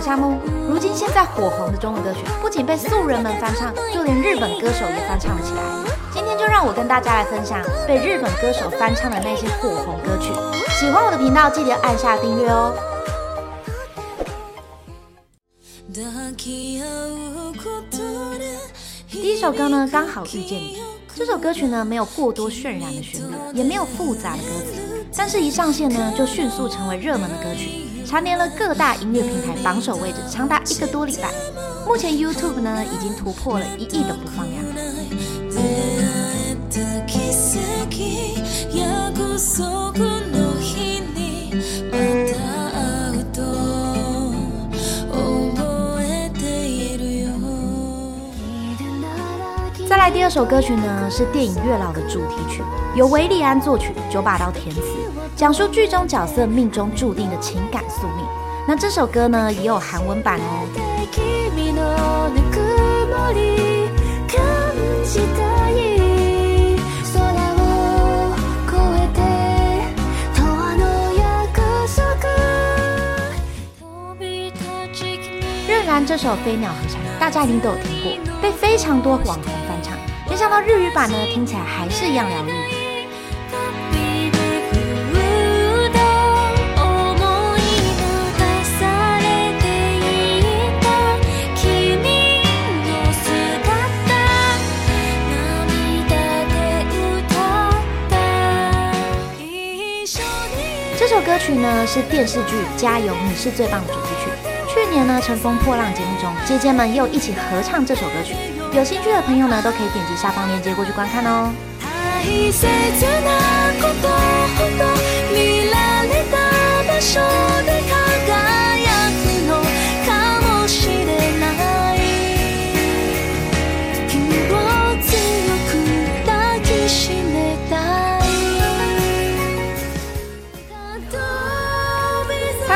夏慕如今，現在火紅的中文歌曲，不僅被素人們翻唱，就連日本歌手也翻唱了起來。今天就讓我跟大家來分享被日本歌手翻唱的那些火紅歌曲。喜歡我的頻道，記得按下訂閱哦。第一首歌呢，剛好遇見你。這首歌曲呢，沒有過多渲染的旋律，也沒有複雜的歌詞，但是一上線呢，就迅速成為熱門的歌曲。蟬聯了各大音樂平台榜首位置，長達一個多禮拜。目前 YouTube 呢已經突破了一億的播放量。在第二首歌曲呢，是電影《月老》的主題曲，由韋禮安作曲，九把刀填詞，講述劇中角色命中注定的情感宿命。那這首歌呢，也有韓文版哦。任然這首《飛鳥和蟬》，大家一定都有聽過，被非常多網紅。沒想到日語版呢，聽起來還是一樣療癒。這首歌曲呢，是電視劇《加油，你是最棒》的主題曲。去年呢，《乘風破浪》節目中，姐姐們又一起合唱這首歌曲。有興趣的朋友呢，都可以點擊下方鏈接過去觀看哦。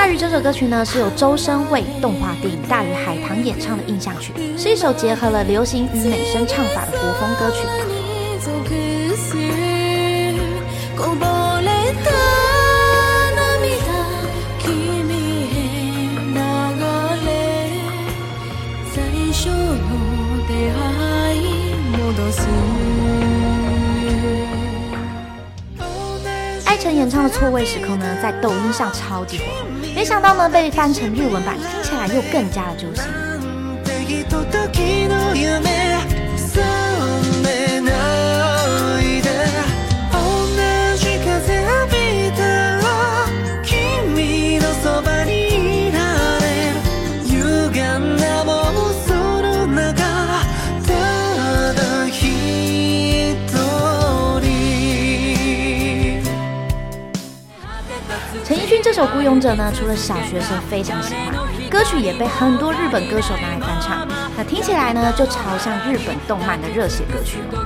《大魚》這首歌曲呢，是由周深為動畫電影《大魚海棠》演唱的印象曲，是一首結合了流行與美聲唱法的國風歌曲。唱的錯位時空呢，在抖音上超級火，沒想到呢，被翻成日文版，聽起來又更加的揪心。陳奕迅這首《孤勇者》呢，除了小學生非常喜歡，歌曲也被很多日本歌手拿來翻唱，那聽起來呢，就超像日本動漫的熱血歌曲了。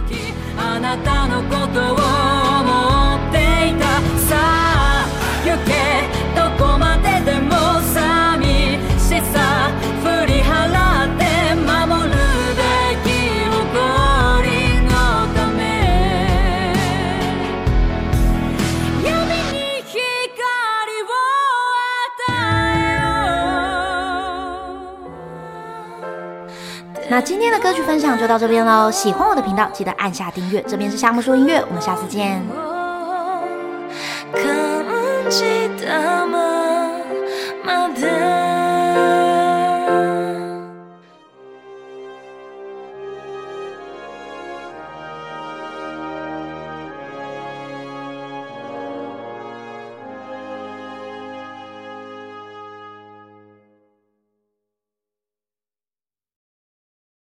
那今天的歌曲分享就到這邊嘍，喜歡我的頻道記得按下訂閱。這邊是夏慕說音樂，我們下次見。